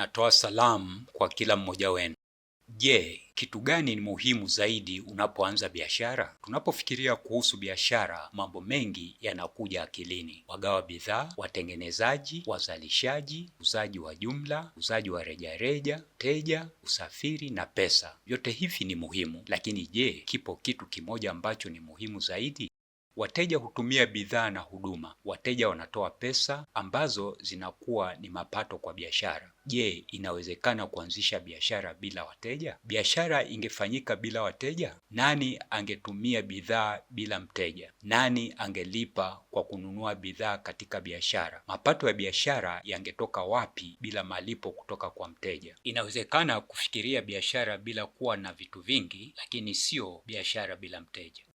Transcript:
natoa salamu kwa kila mmoja wenu. Je, kitu gani ni muhimu zaidi unapoanza biashara? Tunapofikiria kuhusu biashara, mambo mengi yanakuja akilini: wagawa bidhaa, watengenezaji, wazalishaji, uzaji wa jumla, uzaji wa rejareja, teja, usafiri na pesa. Vyote hivi ni muhimu, lakini je, kipo kitu kimoja ambacho ni muhimu zaidi? Wateja hutumia bidhaa na huduma. Wateja wanatoa pesa ambazo zinakuwa ni mapato kwa biashara. Je, inawezekana kuanzisha biashara bila wateja? Biashara ingefanyika bila wateja? Nani angetumia bidhaa bila mteja? Nani angelipa kwa kununua bidhaa katika biashara? Mapato ya biashara yangetoka wapi bila malipo kutoka kwa mteja? Inawezekana kufikiria biashara bila kuwa na vitu vingi, lakini sio biashara bila mteja.